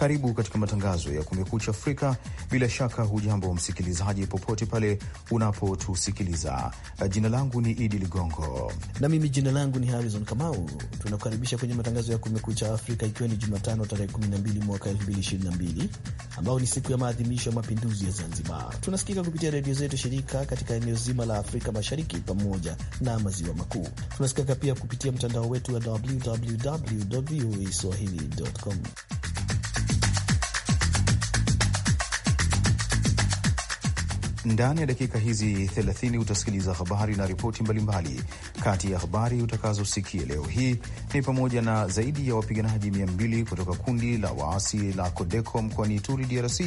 Karibu katika matangazo ya Kumekucha Afrika. Bila shaka hujambo msikilizaji, popote pale unapotusikiliza. Jina langu ni Idi Ligongo na mimi jina langu ni Harrison Kamau. Tunakukaribisha kwenye matangazo ya Kumekucha Afrika, ikiwa ni Jumatano tarehe 12 mwaka 2022 ambao ni siku ya maadhimisho ya mapinduzi ya Zanzibar. Tunasikika kupitia redio zetu shirika katika eneo zima la Afrika Mashariki pamoja na maziwa makuu. Tunasikika pia kupitia mtandao wetu wa www voa swahili.com. Ndani ya dakika hizi 30 utasikiliza habari na ripoti mbalimbali. Kati ya habari utakazosikia leo hii ni pamoja na zaidi ya wapiganaji 200 kutoka kundi la waasi la Kodeko mkoani Ituri, DRC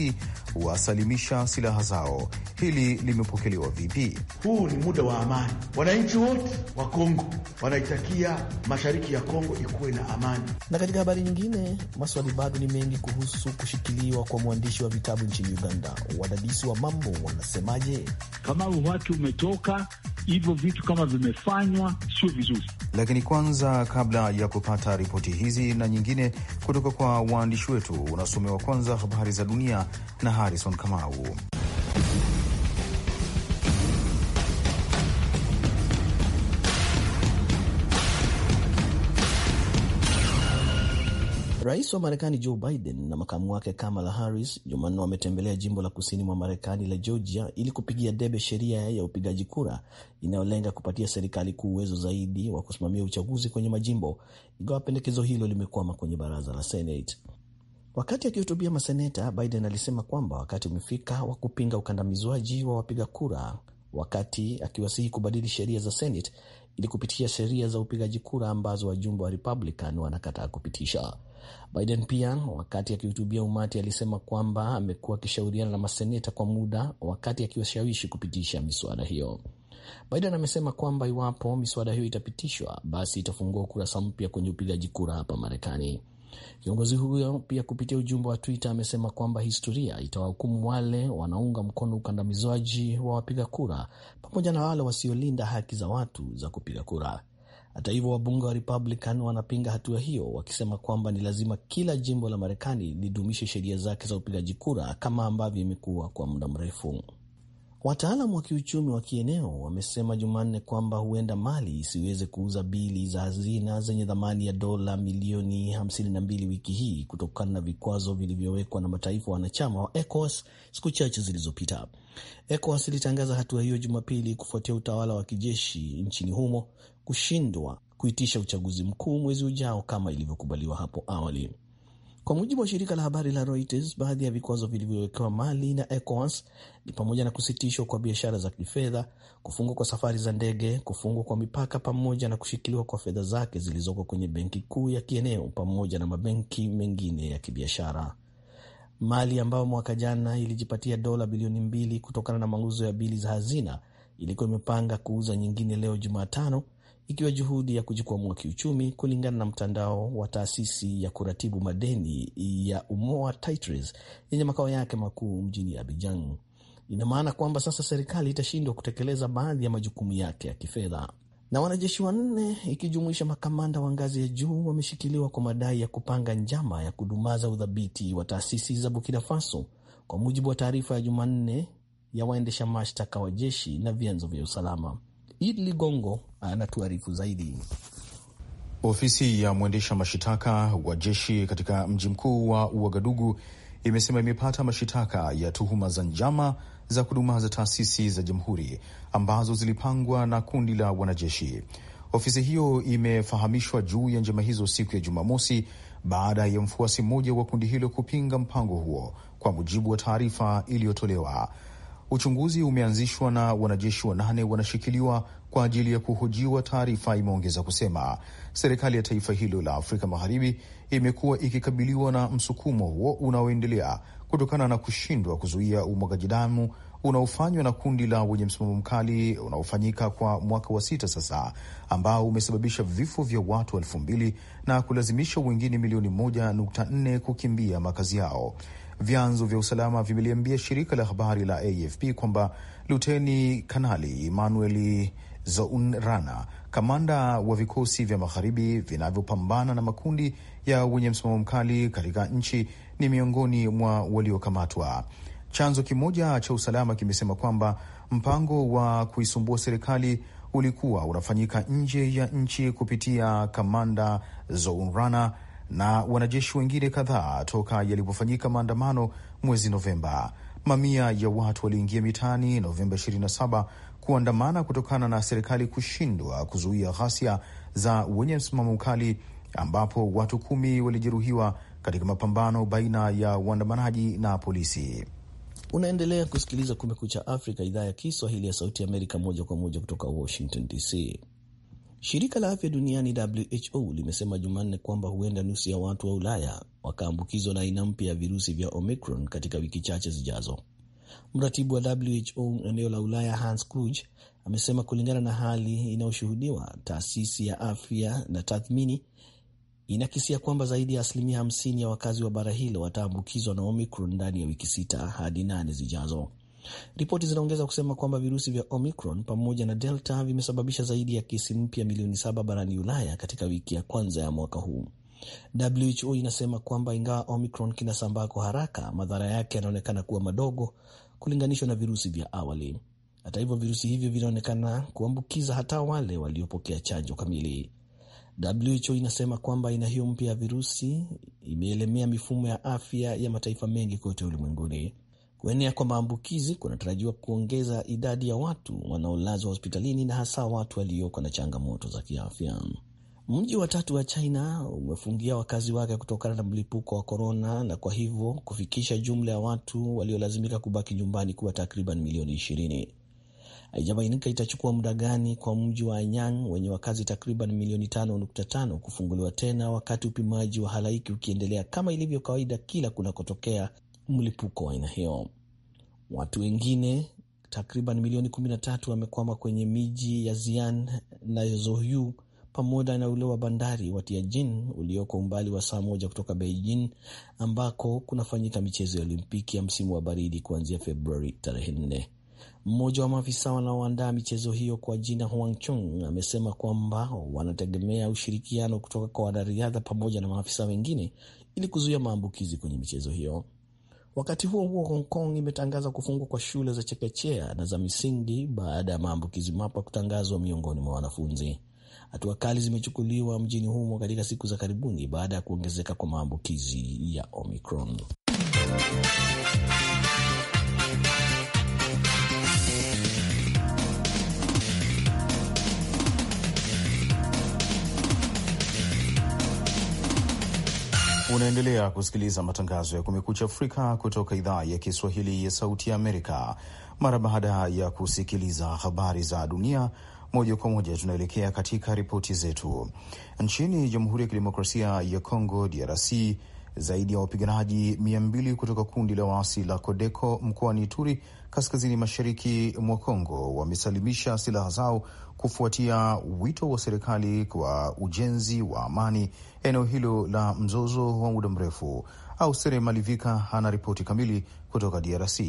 wasalimisha silaha zao. Hili limepokelewa vipi? Huu ni muda wa amani, wananchi wote wa Kongo wanaitakia mashariki ya Kongo ikuwe na amani. Na katika habari nyingine, maswali bado ni mengi kuhusu kushikiliwa kwa mwandishi wa vitabu nchini Uganda. Wadadisi wa mambo wanasema unasemaje? Kama watu umetoka hivyo vitu kama vimefanywa sio vizuri. Lakini kwanza, kabla ya kupata ripoti hizi na nyingine kutoka kwa waandishi wetu, unasomewa kwanza habari za dunia na Harrison Kamau. Rais wa Marekani Joe Biden na makamu wake Kamala Harris Jumanne wametembelea jimbo la kusini mwa Marekani la Georgia ili kupigia debe sheria ya upigaji kura inayolenga kupatia serikali kuu uwezo zaidi wa kusimamia uchaguzi kwenye majimbo, ingawa pendekezo hilo limekwama kwenye baraza la Senate. Wakati akihutubia maseneta, Biden alisema kwamba wakati umefika wa kupinga ukandamizwaji wa wapiga kura, wakati akiwasihi kubadili sheria za Senate ili kupitisha sheria za upigaji kura ambazo wajumbe wa Republican wanakataa kupitisha. Biden pia wakati akihutubia umati alisema kwamba amekuwa akishauriana na maseneta kwa muda wakati akiwashawishi kupitisha miswada hiyo. Biden amesema kwamba iwapo miswada hiyo itapitishwa, basi itafungua ukurasa mpya kwenye upigaji kura hapa Marekani. Kiongozi huyo pia kupitia ujumbe wa Twitter amesema kwamba historia itawahukumu wale wanaunga mkono ukandamizwaji wa wapiga kura pamoja na wale wasiolinda haki za watu za kupiga kura. Hata hivyo, wabunge wa Republican wanapinga hatua hiyo, wakisema kwamba ni lazima kila jimbo la Marekani lidumishe sheria zake za upigaji kura kama ambavyo imekuwa kwa muda mrefu. Wataalamu wa kiuchumi wa kieneo wamesema Jumanne kwamba huenda Mali isiweze kuuza bili za hazina zenye thamani ya dola milioni 52 wiki hii kutokana na vikwazo vilivyowekwa na mataifa wanachama wa ECOWAS siku chache zilizopita. ECOWAS ilitangaza hatua hiyo Jumapili kufuatia utawala wa kijeshi nchini humo kushindwa kuitisha uchaguzi mkuu mwezi ujao kama ilivyokubaliwa hapo awali. Kwa mujibu wa shirika la habari la Reuters, baadhi ya vikwazo vilivyowekewa Mali na ECOWAS ni pamoja na kusitishwa kwa biashara za kifedha, kufungwa kwa safari za ndege, kufungwa kwa mipaka, pamoja na kushikiliwa kwa fedha zake zilizoko kwenye benki kuu ya kieneo pamoja na mabenki mengine ya kibiashara. Mali ambayo mwaka jana ilijipatia dola bilioni mbili kutokana na mauzo ya bili za hazina ilikuwa imepanga kuuza nyingine leo Jumatano, ikiwa juhudi ya kujikwamua kiuchumi, kulingana na mtandao wa taasisi ya kuratibu madeni ya Umoa Titres yenye makao yake makuu mjini Abidjan. Ina maana kwamba sasa serikali itashindwa kutekeleza baadhi ya majukumu yake ya kifedha. Na wanajeshi wanne ikijumuisha makamanda wa ngazi ya juu wameshikiliwa kwa madai ya kupanga njama ya kudumaza udhabiti wa taasisi za Burkina Faso, kwa mujibu wa taarifa ya Jumanne ya waendesha mashtaka wa jeshi na vyanzo vya usalama. Idi Ligongo anatuarifu zaidi. Ofisi ya mwendesha mashitaka wa jeshi katika mji mkuu wa Uagadugu imesema imepata mashitaka ya tuhuma za njama za kudumaza taasisi za jamhuri ambazo zilipangwa na kundi la wanajeshi. Ofisi hiyo imefahamishwa juu ya njama hizo siku ya Jumamosi baada ya mfuasi mmoja wa kundi hilo kupinga mpango huo, kwa mujibu wa taarifa iliyotolewa. Uchunguzi umeanzishwa na wanajeshi wanane wanashikiliwa kwa ajili ya kuhojiwa. Taarifa imeongeza kusema serikali ya taifa hilo la Afrika Magharibi imekuwa ikikabiliwa na msukumo huo unaoendelea kutokana na kushindwa kuzuia umwagaji damu unaofanywa na kundi la wenye msimamo mkali unaofanyika kwa mwaka wa sita sasa, ambao umesababisha vifo vya watu elfu mbili na kulazimisha wengine milioni moja nukta nne kukimbia makazi yao. Vyanzo vya usalama vimeliambia shirika la habari la AFP kwamba Luteni Kanali Emmanuel zounrana kamanda wa vikosi vya magharibi vinavyopambana na makundi ya wenye msimamo mkali katika nchi, ni miongoni mwa waliokamatwa. Chanzo kimoja cha usalama kimesema kwamba mpango wa kuisumbua serikali ulikuwa unafanyika nje ya nchi kupitia kamanda Zounrana na wanajeshi wengine kadhaa toka yalipofanyika maandamano mwezi Novemba. Mamia ya watu waliingia mitaani Novemba 27 kuandamana kutokana na serikali kushindwa kuzuia ghasia za wenye msimamo mkali, ambapo watu kumi walijeruhiwa katika mapambano baina ya waandamanaji na polisi. Unaendelea kusikiliza Kumekucha Afrika, idhaa ya Kiswahili ya Sauti ya Amerika, moja kwa moja kutoka Washington DC. Shirika la afya duniani WHO limesema Jumanne kwamba huenda nusu ya watu wa Ulaya wakaambukizwa na aina mpya ya virusi vya Omicron katika wiki chache zijazo. Mratibu wa WHO eneo la Ulaya Hans Kluge amesema kulingana na hali inayoshuhudiwa, taasisi ya afya na tathmini inakisia kwamba zaidi ya asilimia 50 ya wakazi wa bara hilo wataambukizwa na Omicron ndani ya wiki sita hadi nane zijazo. Ripoti zinaongeza kusema kwamba virusi vya Omicron pamoja na Delta vimesababisha zaidi ya kesi mpya milioni saba barani Ulaya katika wiki ya kwanza ya mwaka huu. WHO inasema kwamba ingawa Omicron kinasambaa kwa haraka, madhara yake yanaonekana kuwa madogo kulinganishwa na virusi vya awali. Hata hivyo, virusi hivyo vinaonekana kuambukiza hata wale waliopokea chanjo kamili. WHO inasema kwamba aina hiyo mpya ya virusi imeelemea mifumo ya afya ya mataifa mengi kote ulimwenguni. Kuenea kwa maambukizi kunatarajiwa kuongeza idadi ya watu wanaolazwa hospitalini na hasa watu walioko na changamoto za kiafya. Mji wa tatu wa China umefungia wakazi wake kutokana na mlipuko wa korona na kwa hivyo kufikisha jumla ya watu waliolazimika kubaki nyumbani kuwa takriban milioni ishirini. Haijabainika itachukua muda gani kwa mji wa Anyang wenye wakazi takriban milioni 5.5 kufunguliwa tena, wakati upimaji wa halaiki ukiendelea kama ilivyo kawaida kila kunakotokea mlipuko wa aina hiyo. Watu wengine takriban milioni 13 wamekwama kwenye miji ya Xi'an na Zhoushu pamoja na ule wa bandari wa Tianjin ulioko umbali wa saa moja kutoka Beijing ambako kunafanyika michezo ya Olimpiki ya msimu wa baridi kuanzia Februari tarehe 4. Mmoja wa maafisa wanaoandaa michezo hiyo kwa jina Huang Chung amesema kwamba wanategemea ushirikiano kutoka kwa wanariadha pamoja na maafisa wengine ili kuzuia maambukizi kwenye michezo hiyo. Wakati huo huo, Hong Kong imetangaza kufungwa kwa shule za chekechea na za misingi baada ya maambukizi mapya kutangazwa miongoni mwa wanafunzi. Hatua kali zimechukuliwa mjini humo katika siku za karibuni baada ya kuongezeka kwa maambukizi ya Omicron. Unaendelea kusikiliza matangazo ya Kumekucha Afrika kutoka idhaa ya Kiswahili ya Sauti ya Amerika. Mara baada ya kusikiliza habari za dunia moja kwa moja, tunaelekea katika ripoti zetu. Nchini Jamhuri ya Kidemokrasia ya Kongo, DRC, zaidi ya wapiganaji mia mbili kutoka kundi la waasi la Kodeko mkoani Ituri, kaskazini mashariki mwa Kongo, wamesalimisha silaha zao kufuatia wito wa serikali kwa ujenzi wa amani eneo hilo la mzozo wa muda mrefu. Austere Malivika ana ripoti kamili kutoka DRC.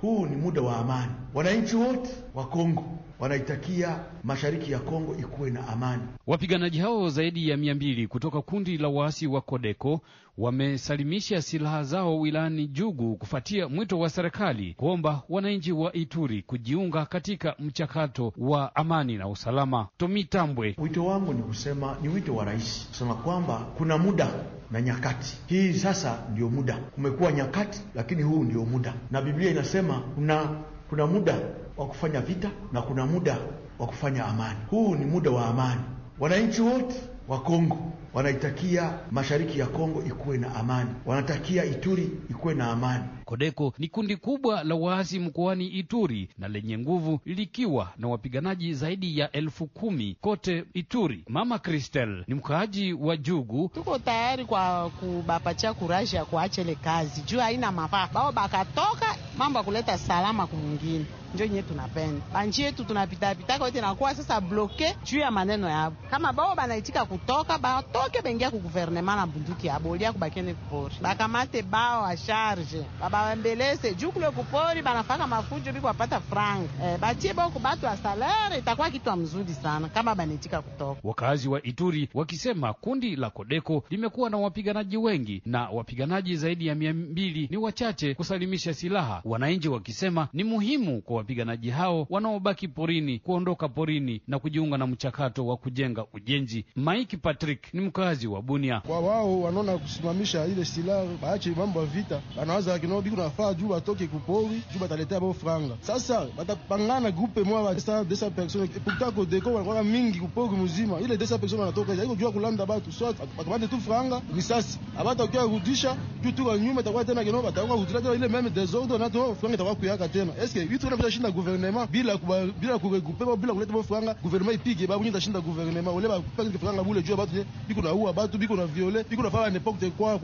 Huu ni muda wa amani. Wananchi wote wa Kongo wanaitakia mashariki ya Kongo ikuwe na amani. Wapiganaji hao zaidi ya mia mbili kutoka kundi la waasi wa Kodeko wamesalimisha silaha zao wilayani Jugu kufuatia mwito wa serikali kuomba wananchi wa Ituri kujiunga katika mchakato wa amani na usalama. Tomi Tambwe: wito wangu ni kusema, ni wito wa rais kusema kwamba kuna muda na nyakati. Hii sasa ndio muda, kumekuwa nyakati, lakini huu ndio muda, na Biblia inasema kuna kuna muda wa kufanya vita na kuna muda wa kufanya amani. Huu ni muda wa amani. Wananchi wote wa Kongo wanaitakia mashariki ya Kongo ikuwe na amani, wanatakia Ituri ikuwe na amani. Kodeko ni kundi kubwa la waasi mkoani Ituri na lenye nguvu likiwa na wapiganaji zaidi ya elfu kumi kote Ituri. Mama Kristel ni mkaaji wa Jugu. Tuko tayari kwa kubapatia kurasha kuacha ile kazi juu haina mafaa, bao bakatoka mambo ya kuleta salama kumwingine njo nye tunapenda banji yetu tunapitapitaka wete nakuwa sasa bloke juu ya maneno yao, kama bao banaitika kutoka bato boke bengia ku kuguvernema na bunduki yabo ulia kubakieni kupori bakamate bao a sharge babawembelese juu kule kupori banafaka mafujo bikwapata franc eh, batie boko batu a salere itakuwa kitu a mzuri sana kama banetika kutoka. Wakazi wa Ituri wakisema kundi la Kodeko limekuwa na wapiganaji wengi na wapiganaji zaidi ya mia mbili ni wachache kusalimisha silaha, wananchi wakisema ni muhimu kwa wapiganaji hao wanaobaki porini kuondoka porini na kujiunga na mchakato wa kujenga ujenzi. Mike Patrick ni mkazi wa Bunia. Kwa wao wanaona kusimamisha ile silaha, baache mambo ya vita, banawaza kinao biko nafaa juu batoke kupori juu bataletea bao franga. Sasa batapangana grupe mwa ba sa desa personnes et pourtant ko deko wanakuwa mingi kupori mzima, ile desa personnes wanatoka haiko jua kulanda batu so bakamate tu franga risasi abata kwa rudisha juu tu nyuma itakuwa tena kinao batakuwa kutilata ile meme desordre na tu franga itakuwa kuyaka tena. Eske hivi tunapata shinda gouvernement bila bila kuregupe bila kuleta bao franga, gouvernement ipige babu nyinda shinda gouvernement ole ba franga bule juu batu biko na batu biko na viole biko na fala nepokte kwa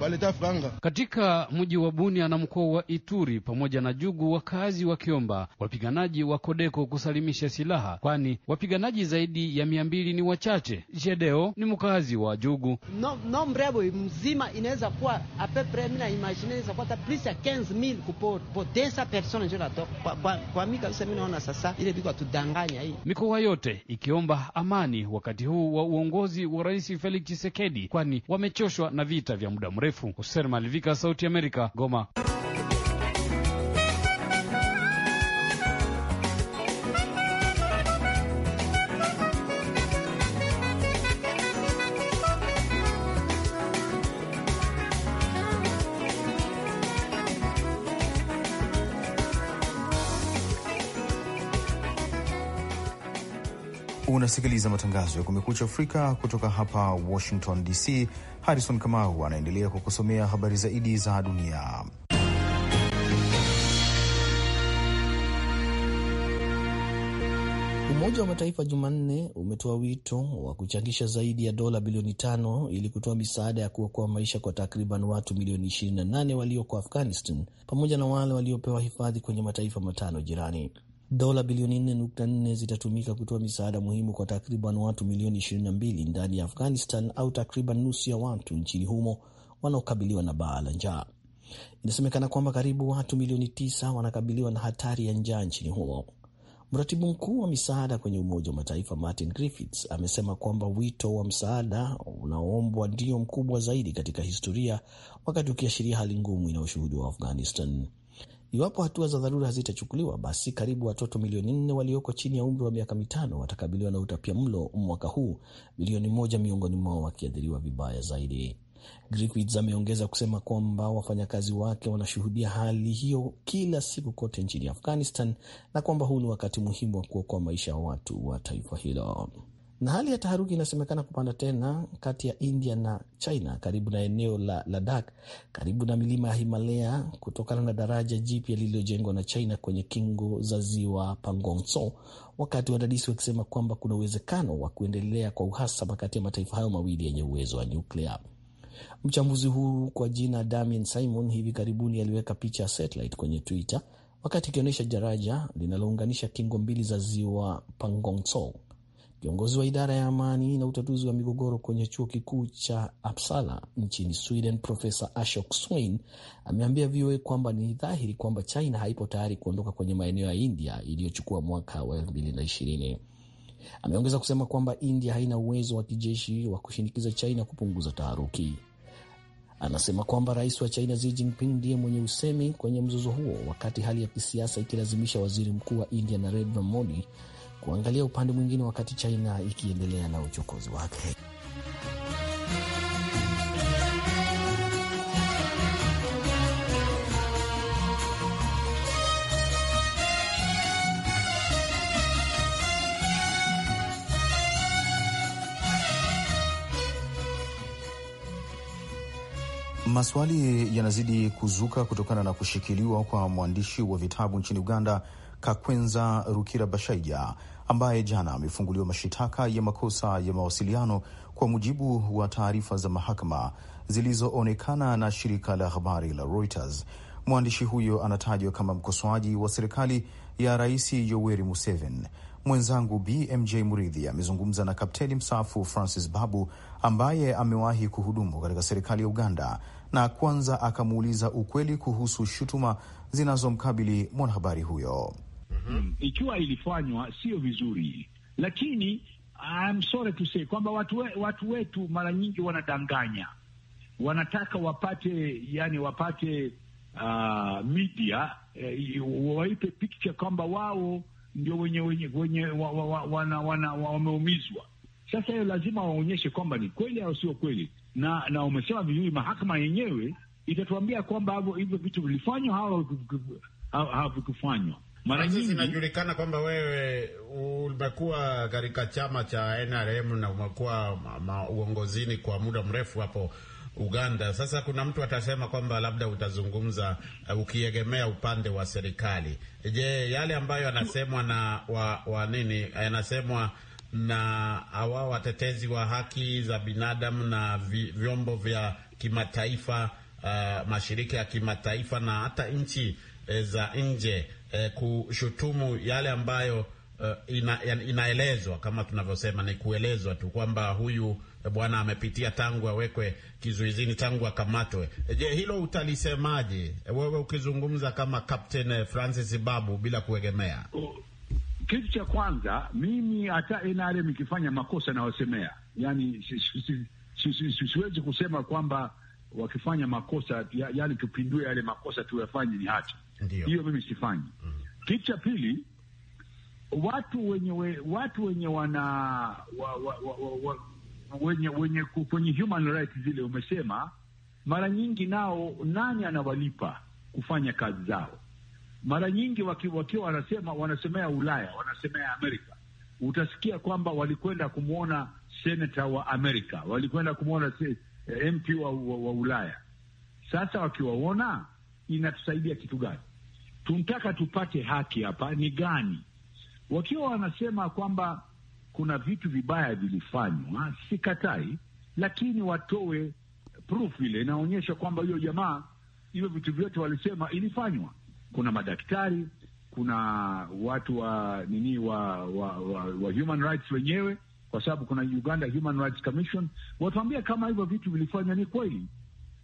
baleta franga. Katika mji wa Bunia na mkoa wa Ituri pamoja na Jugu, wakazi wakiomba wapiganaji wa Kodeko kusalimisha silaha, kwani wapiganaji zaidi ya mia mbili ni wachache. Jedeo ni mkazi wa Jugu. No, no mrebo mzima inaweza kuwa apepre mina imagine inaweza kuwa plus ya 15000 persona kwa, kwa, kwa mika sasa ile biko atudanganya hii mikoa yote ikiomba amani wakati huu wa uongozi uchaguzi wa Rais Felix Tshisekedi, kwani wamechoshwa na vita vya muda mrefu. Hussein Malivika, Sauti Amerika, Goma. unasikiliza matangazo ya Kumekucha Afrika kutoka hapa Washington DC. Harrison Kamau anaendelea kukusomea habari zaidi za dunia. Umoja wa Mataifa Jumanne umetoa wito wa kuchangisha zaidi ya dola bilioni tano ili kutoa misaada ya kuokoa maisha kwa takriban watu milioni 28 walioko Afghanistan pamoja na wale waliopewa hifadhi kwenye mataifa matano jirani. Dola bilioni 4.4 zitatumika kutoa misaada muhimu kwa takriban watu milioni 22 ndani ya Afghanistan au takriban nusu ya watu nchini humo wanaokabiliwa na baa la njaa. Inasemekana kwamba karibu watu milioni 9 wanakabiliwa na hatari ya njaa nchini humo. Mratibu mkuu wa misaada kwenye Umoja wa Mataifa Martin Griffiths amesema kwamba wito wa msaada unaoombwa ndio mkubwa zaidi katika historia, wakati ukiashiria hali ngumu inayoshuhudiwa Afghanistan. Iwapo hatua za dharura hazitachukuliwa, basi karibu watoto milioni nne walioko chini ya umri wa miaka mitano watakabiliwa na utapia mlo mwaka huu, milioni moja miongoni mwao wakiathiriwa vibaya zaidi. Griffiths ameongeza kusema kwamba wafanyakazi wake wanashuhudia hali hiyo kila siku kote nchini Afghanistan na kwamba huu ni wakati muhimu wa kuokoa maisha ya watu wa taifa hilo na hali ya taharuki inasemekana kupanda tena kati ya India na China karibu na eneo la Ladak karibu na milima ya Himalaya kutokana na daraja jipya lililojengwa na China kwenye kingo za ziwa Pangongso, wakati wadadisi wakisema kwamba kuna uwezekano wa kuendelea kwa uhasama kati ya mataifa hayo mawili yenye uwezo wa nyuklia. Mchambuzi huu kwa jina Damian Simon hivi karibuni aliweka picha ya satellite kwenye Twitter wakati ikionyesha daraja linalounganisha kingo mbili za ziwa Pangongso. Kiongozi wa idara ya amani na utatuzi wa migogoro kwenye chuo kikuu cha Uppsala nchini Sweden, Profesa Ashok Swain ameambia VOA kwamba ni dhahiri kwamba China haipo tayari kuondoka kwenye maeneo ya India iliyochukua mwaka wa 2020. Ameongeza kusema kwamba India haina uwezo wa kijeshi wa kushinikiza China kupunguza taharuki. Anasema kwamba rais wa China Xi Jinping ndiye mwenye usemi kwenye mzozo huo, wakati hali ya kisiasa ikilazimisha waziri mkuu wa India Narendra Modi kuangalia upande mwingine, wakati China ikiendelea na uchokozi wake. Maswali yanazidi kuzuka kutokana na kushikiliwa kwa mwandishi wa vitabu nchini Uganda Kakwenza Rukira Bashaija ambaye jana amefunguliwa mashitaka ya makosa ya mawasiliano kwa mujibu wa taarifa za mahakama zilizoonekana na shirika la habari la Reuters. Mwandishi huyo anatajwa kama mkosoaji wa serikali ya Rais Yoweri Museveni. Mwenzangu BMJ Muridhi amezungumza na kapteni mstaafu Francis Babu ambaye amewahi kuhudumu katika serikali ya Uganda, na kwanza akamuuliza ukweli kuhusu shutuma zinazomkabili mwanahabari huyo. -hmm. Ikiwa ilifanywa sio vizuri, lakini I'm sorry to say kwamba watu, we, watu wetu mara nyingi wanadanganya, wanataka wapate yani wapate uh, media eh, waipe picture kwamba wao ndio wenye wenye, wenye wameumizwa. Sasa hiyo lazima waonyeshe kwamba ni kweli au sio kweli, na na umesema vizuri, mahakama yenyewe itatuambia kwamba hivyo vitu vilifanywa au havikufanywa mara nyingi zinajulikana kwamba wewe umekuwa katika chama cha NRM na umekuwa uongozini kwa muda mrefu hapo Uganda. Sasa kuna mtu atasema kwamba labda utazungumza uh, ukiegemea upande wa serikali. Je, yale ambayo anasemwa na wa, wa nini anasemwa na hawa watetezi wa haki za binadamu na vi, vyombo vya kimataifa uh, mashirika ya kimataifa na hata nchi eh, za nje eh, kushutumu yale ambayo eh, ina, inaelezwa kama tunavyosema ni kuelezwa tu kwamba huyu eh, bwana amepitia tangu awekwe kizuizini tangu akamatwe. Eh, je, hilo utalisemaje eh, wewe ukizungumza kama Captain Francis Babu bila kuegemea? Kitu cha kwanza mimi hata NRM ikifanya makosa nawasemea, yani siwezi kusema kwamba wakifanya makosa, yani tupindue yale makosa tuyafanye ni hati hiyo mimi sifanyi. mm. Kitu cha pili, watu wenye we, watu wenye wana wa, wa, wa, wa, wenye wenye kwenye human rights zile umesema, mara nyingi nao nani anawalipa kufanya kazi zao? Mara nyingi wakiwa waki wanasema wanasemea Ulaya, wanasemea Amerika, utasikia kwamba walikwenda kumwona senata wa Amerika, walikwenda kumwona eh, MP wa, wa, wa Ulaya. Sasa wakiwaona inatusaidia kitu gani? tunataka tupate haki hapa ni gani? Wakiwa wanasema kwamba kuna vitu vibaya vilifanywa, sikatai, lakini watoe proof ile inaonyesha kwamba hiyo jamaa, hivyo vitu vyote walisema ilifanywa. Kuna madaktari, kuna watu wa nini wa wa, wa, wa human rights wenyewe, kwa sababu kuna Uganda Human Rights Commission, watuambia kama hivyo vitu vilifanywa ni kweli,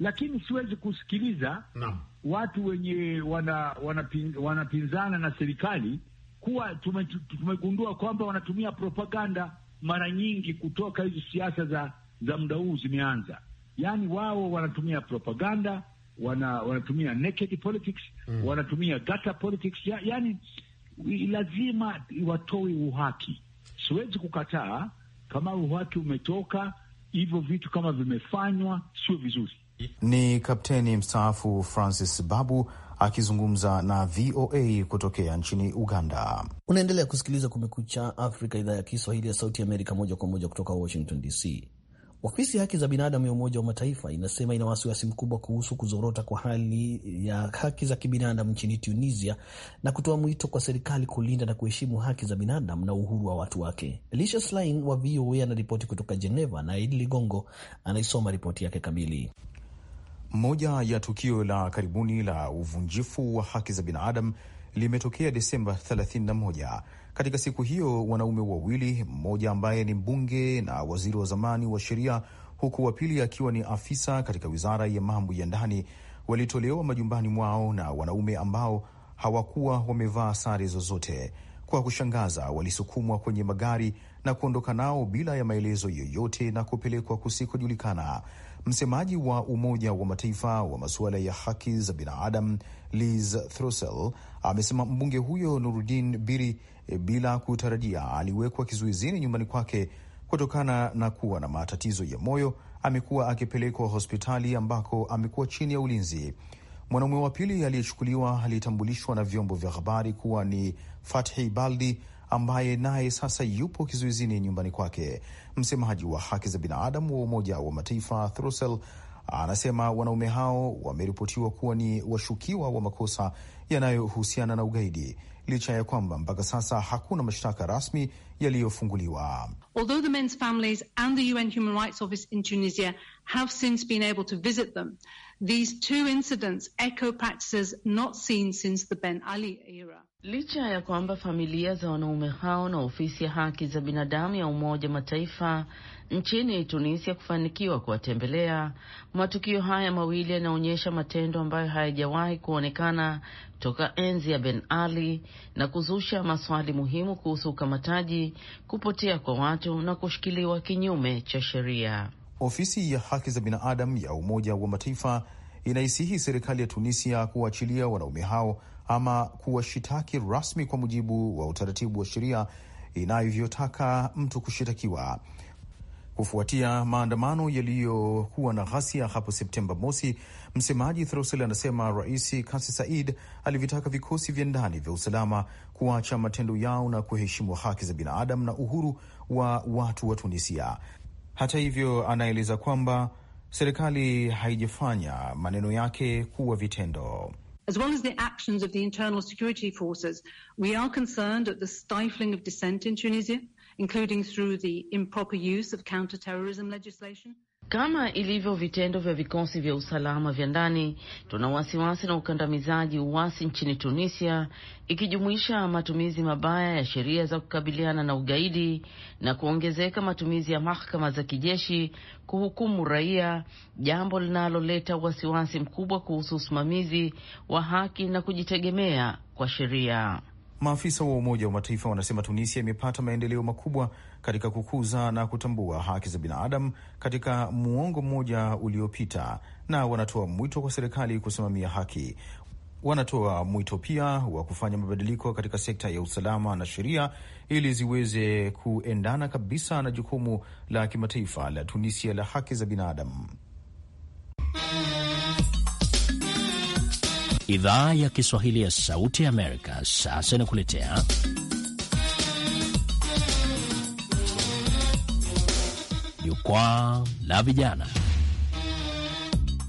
lakini siwezi kusikiliza no watu wenye wana, wanapin, wanapinzana na serikali kuwa tume, tumegundua kwamba wanatumia propaganda mara nyingi kutoka hizi siasa za, za muda huu zimeanza, yaani wao wanatumia propaganda wana, wanatumia naked politics mm. wanatumia politics ya, yani lazima watoe uhaki. Siwezi kukataa kama uhaki umetoka, hivyo vitu kama vimefanywa sio vizuri. Ni kapteni mstaafu Francis Babu akizungumza na VOA kutokea nchini Uganda. Unaendelea kusikiliza Kumekucha Afrika, idhaa ya Kiswahili ya Sauti Amerika, moja kwa moja kutoka Washington DC. Ofisi ya haki za binadamu ya Umoja wa Mataifa inasema ina wasiwasi mkubwa kuhusu kuzorota kwa hali ya haki za kibinadamu nchini Tunisia na kutoa mwito kwa serikali kulinda na kuheshimu haki za binadamu na uhuru wa watu wake. Elisha Slin wa VOA anaripoti kutoka Geneva na Idi Ligongo anaisoma ripoti yake kamili. Moja ya tukio la karibuni la uvunjifu wa haki za binadamu limetokea Desemba 31. Katika siku hiyo, wanaume wawili, mmoja ambaye ni mbunge na waziri wa zamani wa sheria, huku wa pili akiwa ni afisa katika wizara ya mambo ya ndani, walitolewa majumbani mwao na wanaume ambao hawakuwa wamevaa sare zozote. Kwa kushangaza, walisukumwa kwenye magari na kuondoka nao bila ya maelezo yoyote na kupelekwa kusikojulikana. Msemaji wa Umoja wa Mataifa wa masuala ya haki za binadamu Liz Throssell amesema mbunge huyo Nurudin Biri e, bila kutarajia aliwekwa kizuizini nyumbani kwake kutokana na kuwa na matatizo ya moyo. Amekuwa akipelekwa hospitali ambako amekuwa chini ya ulinzi. Mwanaume wa pili aliyechukuliwa alitambulishwa na vyombo vya habari kuwa ni Fathi Baldi ambaye naye sasa yupo kizuizini nyumbani kwake. Msemaji wa haki za binadamu wa Umoja wa Mataifa Thrusel anasema wanaume hao wameripotiwa kuwa ni washukiwa wa makosa yanayohusiana na ugaidi licha ya kwamba mpaka sasa hakuna mashtaka rasmi yaliyofunguliwa. These two incidents echo practices not seen since the Ben Ali era. Licha ya kwamba familia za wanaume hao na ofisi ya haki za binadamu ya Umoja Mataifa nchini Tunisia kufanikiwa kuwatembelea, matukio haya mawili yanaonyesha matendo ambayo hayajawahi kuonekana toka enzi ya Ben Ali na kuzusha maswali muhimu kuhusu ukamataji, kupotea kwa watu na kushikiliwa kinyume cha sheria. Ofisi ya haki za binadamu ya Umoja wa Mataifa inaisihi serikali ya Tunisia kuwaachilia wanaume hao ama kuwashitaki rasmi kwa mujibu wa utaratibu wa sheria inavyotaka mtu kushitakiwa. Kufuatia maandamano yaliyokuwa na ghasia hapo Septemba mosi, msemaji Throsel anasema Rais Kasi said alivitaka vikosi vya ndani vya usalama kuacha matendo yao na kuheshimu haki za binadamu na uhuru wa watu wa Tunisia. Hata hivyo, anaeleza kwamba serikali haijafanya maneno yake kuwa vitendo. as well as the actions of the internal security forces, we are concerned at the stifling of dissent in Tunisia, including through the improper use of counter-terrorism legislation. Kama ilivyo vitendo vya vikosi vya usalama vya ndani, tuna wasiwasi na ukandamizaji uasi nchini Tunisia, ikijumuisha matumizi mabaya ya sheria za kukabiliana na ugaidi na kuongezeka matumizi ya mahakama za kijeshi kuhukumu raia, jambo linaloleta wasiwasi mkubwa kuhusu usimamizi wa haki na kujitegemea kwa sheria. Maafisa wa Umoja wa Mataifa wanasema Tunisia imepata maendeleo makubwa katika kukuza na kutambua haki za binadamu katika muongo mmoja uliopita, na wanatoa mwito kwa serikali kusimamia haki. Wanatoa mwito pia wa kufanya mabadiliko katika sekta ya usalama na sheria ili ziweze kuendana kabisa na jukumu la kimataifa la Tunisia la haki za binadamu. Idhaa ya Kiswahili ya Sauti Amerika sasa inakuletea Jukwaa la Vijana.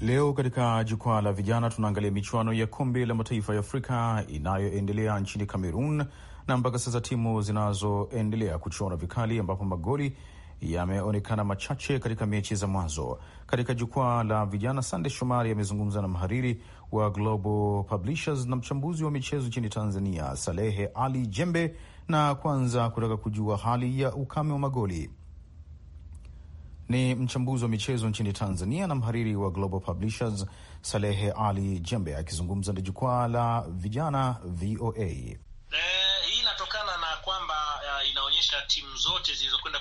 Leo katika Jukwaa la Vijana tunaangalia michuano ya Kombe la Mataifa ya Afrika inayoendelea nchini Kamerun, na mpaka sasa timu zinazoendelea kuchuana vikali, ambapo magoli yameonekana machache katika mechi za mwanzo. Katika jukwaa la vijana, Sande Shomari amezungumza na mhariri wa Global Publishers na mchambuzi wa michezo nchini Tanzania, Salehe Ali Jembe, na kwanza kutaka kujua hali ya ukame wa magoli. Ni mchambuzi wa michezo nchini Tanzania na mhariri wa Global Publishers, Salehe Ali Jembe akizungumza na jukwaa la vijana VOA. Eh, inaonyesha timu zote zilizokwenda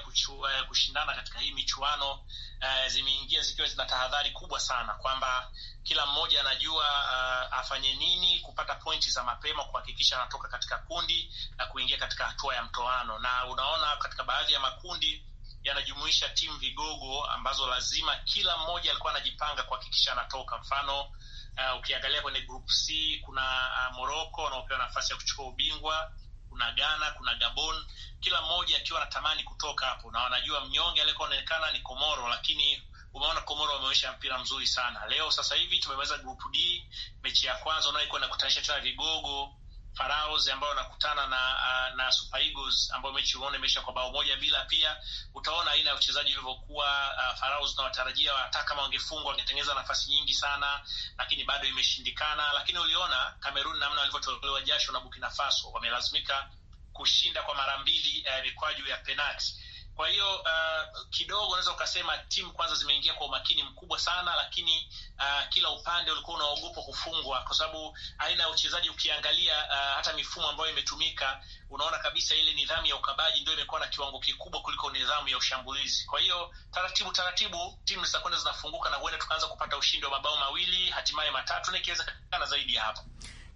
eh, kushindana katika hii michuano uh, zimeingia zikiwa zina tahadhari kubwa sana kwamba kila mmoja anajua uh, afanye nini kupata pointi za mapema kuhakikisha anatoka katika kundi na kuingia katika hatua ya mtoano, na unaona katika baadhi ya makundi yanajumuisha timu vigogo ambazo lazima kila mmoja alikuwa anajipanga kuhakikisha anatoka. Mfano uh, ukiangalia kwenye group C kuna uh, moroko wanaopewa nafasi ya kuchukua ubingwa kuna Ghana, kuna Gabon, kila mmoja akiwa anatamani kutoka hapo, na wanajua mnyonge aliyekuwa anaonekana ni Komoro, lakini umeona Komoro wameonyesha mpira mzuri sana leo. Sasa hivi tumemaliza grupu D, mechi ya kwanza nayo ilikuwa inakutanisha tena vigogo Pharaohs ambao wanakutana na uh, na Super Eagles mechi uone imeisha kwa bao moja bila. Pia utaona aina ya uchezaji ilivyokuwa. Uh, Pharaohs na watarajia hata kama wangefungwa wangetengeneza nafasi nyingi sana, lakini bado imeshindikana. Lakini uliona Cameroon namna walivyotolewa jasho na Burkina Faso, wamelazimika kushinda kwa mara mbili uh, mikwaju uh, ya penalti. Kwa hiyo uh, kidogo unaweza ukasema timu kwanza zimeingia kwa umakini mkubwa sana, lakini uh, kila upande ulikuwa unaogopa kufungwa, kwa sababu aina ya uchezaji ukiangalia, uh, hata mifumo ambayo imetumika, unaona kabisa ile nidhamu ya ukabaji ndio imekuwa na kiwango kikubwa kuliko nidhamu ya ushambulizi. Kwa hiyo taratibu taratibu timu zitakwenda zinafunguka na huenda tukaanza kupata ushindi wa mabao mawili, hatimaye matatu, na ikiwezekana zaidi ya hapo.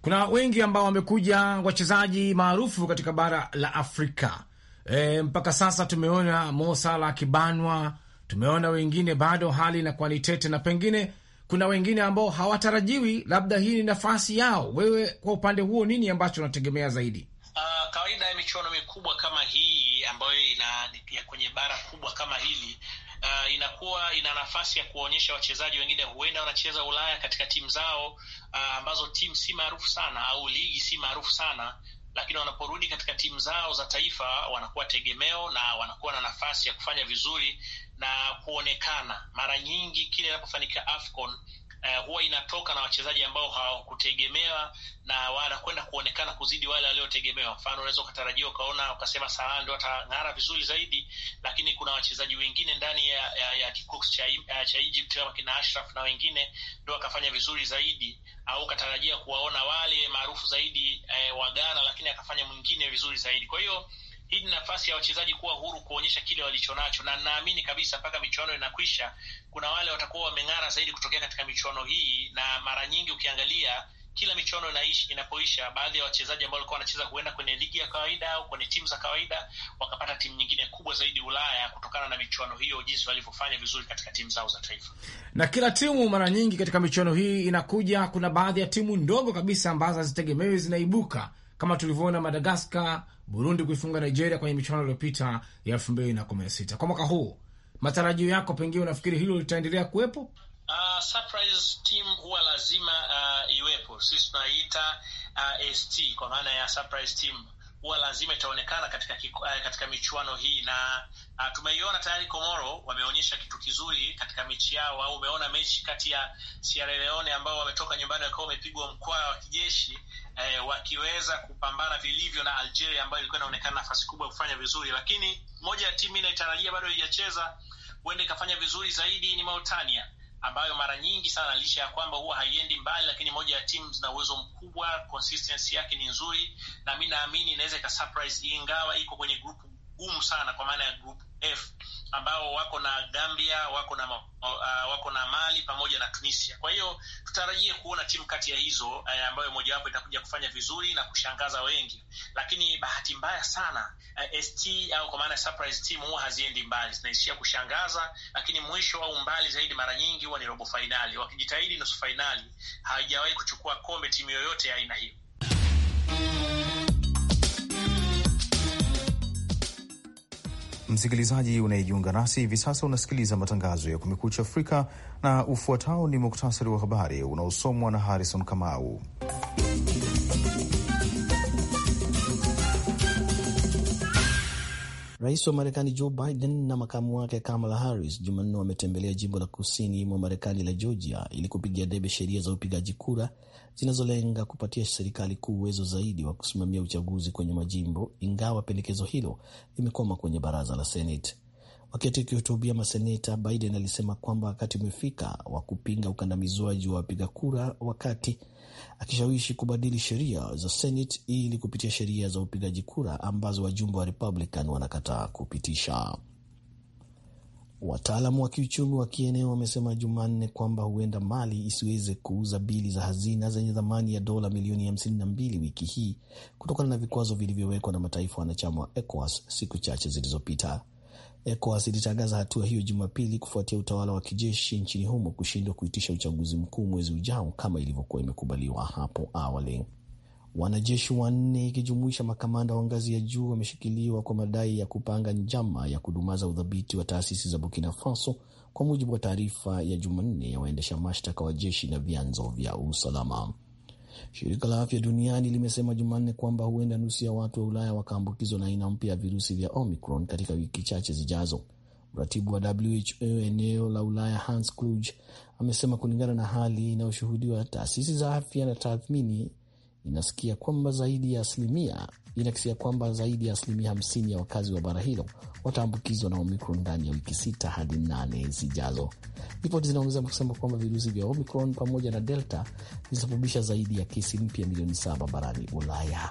Kuna wengi ambao wamekuja wachezaji maarufu katika bara la Afrika E, mpaka sasa tumeona mosala akibanwa, tumeona wengine bado hali inakuwa ni tete, na pengine kuna wengine ambao hawatarajiwi, labda hii ni nafasi yao. Wewe kwa upande huo, nini ambacho unategemea zaidi? Uh, kawaida ya michuano mikubwa kama hii ambayo ina ya kwenye bara kubwa kama hili Uh, inakuwa ina nafasi ya kuwaonyesha wachezaji wengine huenda wanacheza Ulaya katika timu zao uh, ambazo timu si maarufu sana au ligi si maarufu sana lakini wanaporudi katika timu zao za taifa wanakuwa tegemeo na wanakuwa na nafasi ya kufanya vizuri na kuonekana. Mara nyingi kile inapofanyika AFCON uh, huwa inatoka na wachezaji ambao hawakutegemewa na wanakwenda kuonekana kuzidi wale waliotegemewa. Mfano, unaweza ukatarajia ukaona ukasema Salah ndio atang'ara vizuri zaidi, lakini kuna wachezaji wengine ndani ya, ya, ya kikosi cha, eh, cha Egypt kama kina Ashraf na wengine ndio akafanya vizuri zaidi, au ukatarajia kuwaona wale maarufu zaidi eh, wa Ghana, lakini akafanya mwingine vizuri zaidi. Kwa hiyo hii nafasi ya wachezaji kuwa huru kuonyesha kile walichonacho, na naamini kabisa mpaka michuano inakwisha, kuna wale watakuwa wameng'ara zaidi kutokea katika michuano hii. Na mara nyingi ukiangalia kila michuano inaishi inapoisha, baadhi ya wachezaji ambao walikuwa wanacheza huenda kwenye ligi ya kawaida au kwenye timu za kawaida wakapata timu nyingine kubwa zaidi Ulaya kutokana na michuano hiyo, jinsi walivyofanya vizuri katika timu zao za taifa. Na kila timu mara nyingi katika michuano hii inakuja, kuna baadhi ya timu ndogo kabisa ambazo hazitegemewi zinaibuka kama tulivyoona Madagaskar, Burundi kuifunga Nigeria kwenye michuano iliyopita ya elfu mbili na kumi na sita. Kwa mwaka huu matarajio yako, pengine unafikiri hilo litaendelea kuwepo? Uh, surprise team huwa lazima uh, iwepo. Sisi tunaiita uh, ah, ST kwa maana ya surprise team huwa lazima itaonekana katika, eh, katika michuano hii na uh, tumeiona tayari Komoro wameonyesha kitu kizuri katika mechi yao, au umeona mechi kati ya Sierra Leone ambao wametoka nyumbani wakiwa wamepigwa mkwaa wa kijeshi eh, wakiweza kupambana vilivyo na Algeria ambayo ilikuwa inaonekana nafasi kubwa ya kufanya vizuri, lakini moja ya timu inaitarajia bado haijacheza huenda ikafanya vizuri zaidi ni Mauritania ambayo mara nyingi sana, licha ya kwamba huwa haiendi mbali, lakini moja ya timu zina uwezo mkubwa, consistency yake ni nzuri, na mi naamini inaweza ikasurprise, ingawa iko kwenye grupu ngumu sana kwa maana ya group F ambao wako na Gambia, wako na uh, wako na Mali pamoja na Tunisia. Kwa hiyo tutarajie kuona timu kati ya hizo uh, ambayo mojawapo itakuja kufanya vizuri na kushangaza wengi, lakini bahati mbaya sana uh, eh, ST au kwa maana surprise team huwa haziendi mbali, zinaishia kushangaza, lakini mwisho au mbali zaidi mara nyingi huwa ni robo fainali, wakijitahidi nusu fainali. Haijawahi kuchukua kombe timu yoyote ya aina hiyo. Msikilizaji unayejiunga nasi hivi sasa, unasikiliza matangazo ya Kumekucha Afrika, na ufuatao ni muktasari wa habari unaosomwa na Harrison Kamau. Rais wa Marekani Joe Biden na makamu wake Kamala Harris Jumanne wametembelea jimbo la kusini mwa Marekani la Georgia ili kupigia debe sheria za upigaji kura zinazolenga kupatia serikali kuu uwezo zaidi wa kusimamia uchaguzi kwenye majimbo, ingawa pendekezo hilo limekwama kwenye baraza la Senate. Wakati akihutubia maseneta, Biden alisema kwamba wakati umefika wa kupinga ukandamizwaji wa wapiga kura wakati akishawishi kubadili sheria za Senate ili kupitia sheria za upigaji kura ambazo wajumbe wa Republican wanakataa kupitisha. Wataalamu wa kiuchumi wa kieneo wamesema Jumanne kwamba huenda Mali isiweze kuuza bili za hazina zenye thamani ya dola milioni 52 wiki hii kutokana na vikwazo vilivyowekwa na mataifa wanachama wa ECOWAS siku chache zilizopita. ECOWAS ilitangaza hatua hiyo Jumapili kufuatia utawala wa kijeshi nchini humo kushindwa kuitisha uchaguzi mkuu mwezi ujao kama ilivyokuwa imekubaliwa hapo awali. Wanajeshi wanne ikijumuisha makamanda wa ngazi ya juu wameshikiliwa kwa madai ya kupanga njama ya kudumaza udhabiti wa taasisi za Burkina Faso, kwa mujibu wa taarifa ya Jumanne ya waendesha mashtaka wa jeshi na vyanzo vya usalama. Shirika la Afya Duniani limesema Jumanne kwamba huenda nusu ya watu wa Ulaya wakaambukizwa na aina mpya ya virusi vya Omicron katika wiki chache zijazo. Mratibu wa WHO eneo la Ulaya Hans Kluge amesema kulingana na hali inayoshuhudiwa, taasisi za afya na tathmini inasikia kwamba zaidi ya asilimia inakisia kwamba zaidi ya asilimia hamsini ya wakazi wa bara hilo wataambukizwa na Omicron ndani ya wiki sita hadi nane zijazo. Ripoti zinaongeza kusema kwamba virusi vya Omicron pamoja na Delta vinasababisha zaidi ya kesi mpya milioni saba barani Ulaya.